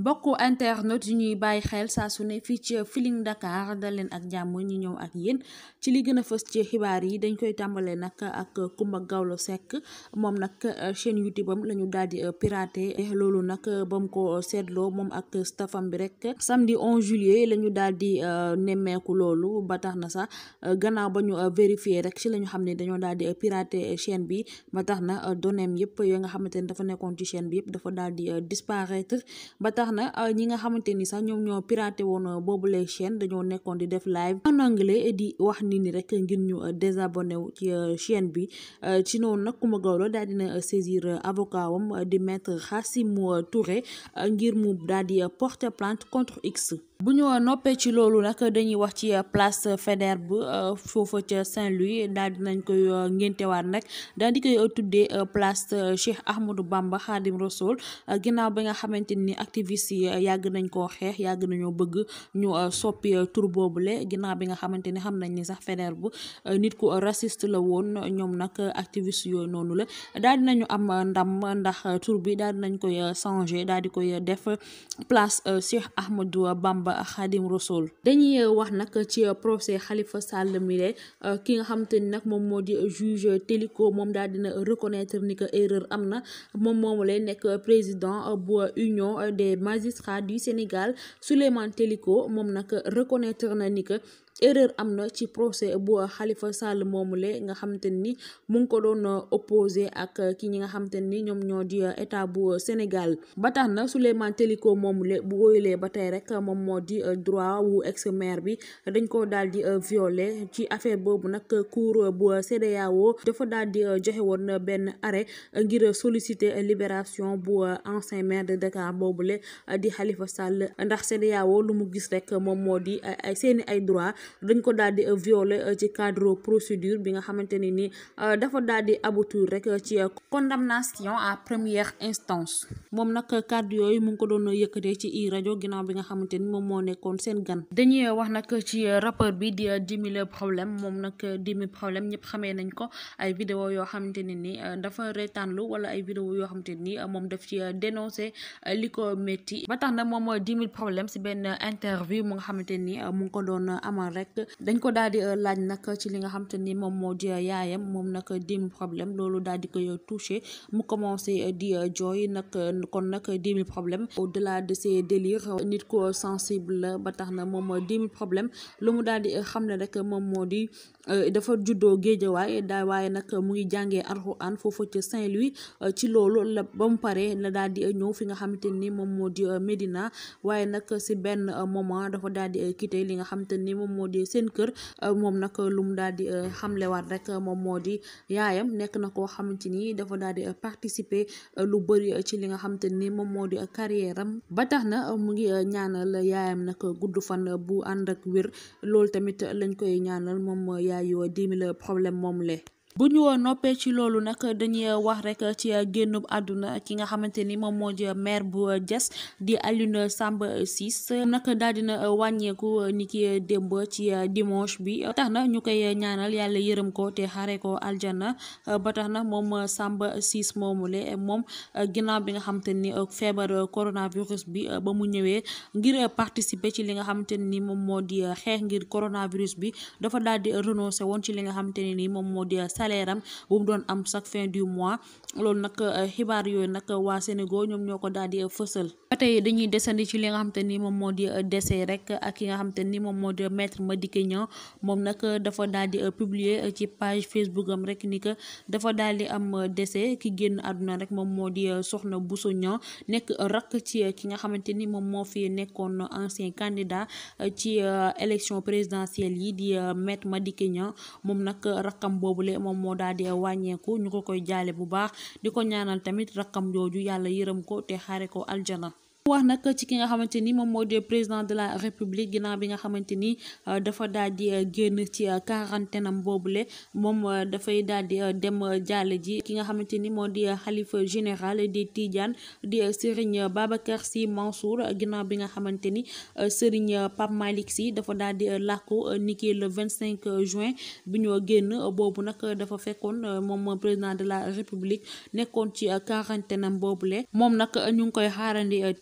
bokk internet yu ñuy bàyyi xel saa su ne fii ci Feeling Dakar dal leen ak jàmm ñu ñëw ak yéen ci li gën a fës ci xibaar yi dañ koy tàmbalee nag ak Coumba Gawlo Seck moom nag chaîne YouTube am la ñu daal di piraté loolu nag ba mu ko seetloo moom ak staffam bi rek samedi 11 juillet la ñu daal di euh, nemmeeku loolu ba tax na sax euh, gannaaw ba ñu euh, vérifier rek ci la ñu xam ne dañoo daal di piraté chaîne bi ba tax na données yëpp ya nga xamante ne dafa nekkoon ci chaîne bi yëpp dafa daal di disparaître tax na euh, ñi nga xamante ni sax ñoom ñoo piraté woon euh, boobu les chaînes dañoo nekkoon di def live en anglais di wax ni ni rek ngir ñu euh, désabonné wu ci chaîne bi ci noonu nag Coumba Gawlo daal na saisir avocat wam di maître Khassimou Touré ngir mu daal di porter contre X bu ñu noppee ci loolu nag dañuy wax ci euh, place Faidherbe euh, foofa ca Saint-Louis daal nañ koy euh, ngéntewaat nag daal di koy tuddee place Cheikh Ahmadou Bamba Khadim Rassoul ginnaaw bi nga xamante ni activiste yi yàgg nañ ko xeex yàgg nañoo bëgg ñu soppi tur boobule ginnaaw bi nga xamante ni xam nañ ni sax bu nit ku raciste la woon ñoom nag activiste yooyu noonu la daal nañu am ndam ndax tour bi daal nañ koy changer daal di koy def place Cheikh Ahmadou Bamba ba xaadim rasul dañuy wax nag ci procès Khalifa Sall mi ki nga xamante ni nag moom moo di juge Téliko moom daal dina reconnaître ni que erreur am na moom moom lay nekk président bu union des magistrats du Sénégal Souleymane Téliko moom nag reconnaître na ni que erreur am na ci procès bu Khalifa Sall le nga xamante ni mu ngi ko doon opposé ak ki ñi nga xamante ni ñoom ñoo di état bu Sénégal ba tax na Souleymane Téliko moomule bu woyulee ba tey rek moom moo di droit wu ex maire bi dañ ko daal di violé ci affaire boobu nag cour bu CEDEAO dafa daal di joxe woon benn arrêt ngir solliciter libération bu ancien maire de Dakar boobule di xalifa Sall ndax CEDEAO lu mu gis rek moom moo di seeni ay droit dañ ko daal di euh, violer euh, ci cadre procédure bi nga xamante ne ni euh, dafa daal di aboutir rek ci condamnation à première instance moom nag kàddu yooyu mu ngi ko doon yëkkatee ci rajo ginnaaw bi nga xamante ni moom moo nekkoon seen gan dañuy wax nag ci rappeur bi di Dimy le problème moom nag Dimy problème ñëpp xamee nañ ko ay vidéo yoo xamante ne ni dafa reetaanlu wala ay vidéo yoo xamante ni moom def ci dénoncé li ko metti ba tax na moom Dimy problème si benn interview mu nga xamante ni mu ngi ko doon amal noonu rek dañ ko daal di euh, laaj nag ci li nga xam te ni moom moo di euh, yaayam moom nag dix mille problème loolu daal di koy euh, touché mu commencé di jooy nag kon nag dix mille problème au delà de ses délires nit ko sensible ba tax na moom dix mille problème lu mu daal di xam ne rek moom moo di dafa juddoo géejawaay daa waaye nag mu ngi jàngee alxuraan foofu ca Saint-Louis ci loolu la ba mu paree la daal di ñëw fi nga xamante ni moom moo di Médina waaye nag si benn moment dafa daal di li nga xamante ni moom moo di seen kër euh, moom nag lu mu daal di euh, xamlewaat rek moom moo di yaayam nekk na koo xamante nii dafa daal di euh, participer lu bëri ci li nga xamante nii moom moo di carrière am ba tax na mu ngi ñaanal yaayam nag gudd fan bu ànd ak wér loolu tamit lañ koy ñaanal moom yaayu 10 000 problème moom le bu ñu woon noppee ci loolu nag dañuy wax rek ci génnub àdduna ki nga xamante ni moom moo di maire bu Diass di Alioune Samba Ciss nag daal dina wàññeeku ni ki démb ci dimanche bi tax na ñu koy ñaanal yàlla yërëm ko te xare ko aljana ba tax na moom Samba Ciss moomule moom ginnaaw bi nga xamante ni feebar coronavirus bi ba mu ñëwee ngir participer ci li nga xamante ni moom moo di xeex ngir coronavirus bi dafa daal di renoncer woon ci li nga xamante ni moom moo di salaire am bu mu doon am chaque fin du mois loolu nag euh, xibaar yooyu nag euh, waa Sénégal ñoom ñoo ko daal di euh, fësal ba tey dañuy desandi ci li nga xam te ni moom moo di décès rek ak ki nga xam te ni moom moo di maître Madické Niang moom nag dafa daal di publier ci page Facebook am rek ni que dafa daal di am décès ki génn àdduna rek moom moo di soxna Bousso ña nekk rakk ci ki nga xamante ni moom moo fi nekkoon ancien candidat ci élection présidentielle yi di maître Madické Niang moom nag rakkam boobule moo daal di wàññeeku ñu ko koy jaale bu baax di ko ñaanal tamit rakkam jooju yàlla yërëm ko te xaare ko aljana wax nag ci ki nga xamante ni moom moo di président de la république ginnaaw bi nga xamante ni euh, dafa daal di euh, génn ci euh, quarantaine am boobule moom dafay daal di dem jàll ji ki nga xamante ni moo di xalifa général di Tidiane di Serigne Babacar Sy Mansour ginnaaw bi nga xamante ni Serigne Pape Malick dafa daal di làkku niki le vingt cinq juin bi ñoo génn boobu nag dafa fekkoon moom président de la république nekkoon ci quarantaine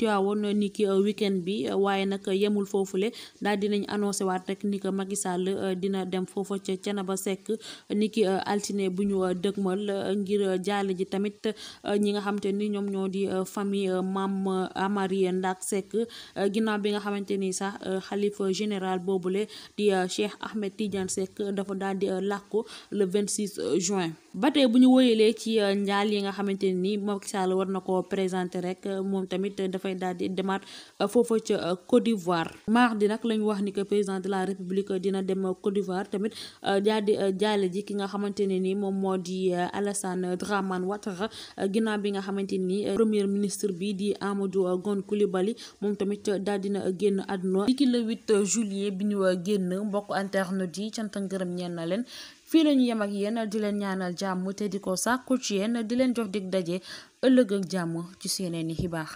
Tiwaawoon ni ki uh, wiken bi uh, waaye nag yemul foofu foofule daal dinañ annoncé waat rek ni que Sall uh, dina dem foofa ca Thiénaba Seck ni ki altine bu ñu dëgmal ngir jaale ji tamit ñi nga xamante ni ñoom ñoo di famille Mame Amary Ndack Seck ginnaaw bi nga xamante ni sax xalifa général boobule di Cheikh Ahmed Tidiane Seck dafa daal di làkku le 26 juin ba tey bu ñu woyalee ci euh, njaal yi nga xamante ne nii Macky Sall war na ko présenté rek euh, moom tamit dafay daal di demaat euh, foofa ca Côte d'Ivoire di nag la ñu wax ni que président de la République dina dem Côte d'Ivoire tamit daal di jaale ji ki nga xamante ne nii moom moo di Alassane Dramane Ouattara ginnaaw bi nga xamante ni premier ministre bi di Amadou Gon Coulibaly moom tamit daal na génn àdduna li ki le 8 juillet bi ñu génn mbokk internet yi cant ngërëm ñeen na leen fii la ñu yem di leen ñaanal jàmm te di ko sàkku ci yéen di leen jox dig daje ëllëg ak jàmm ci seeneen i xibaar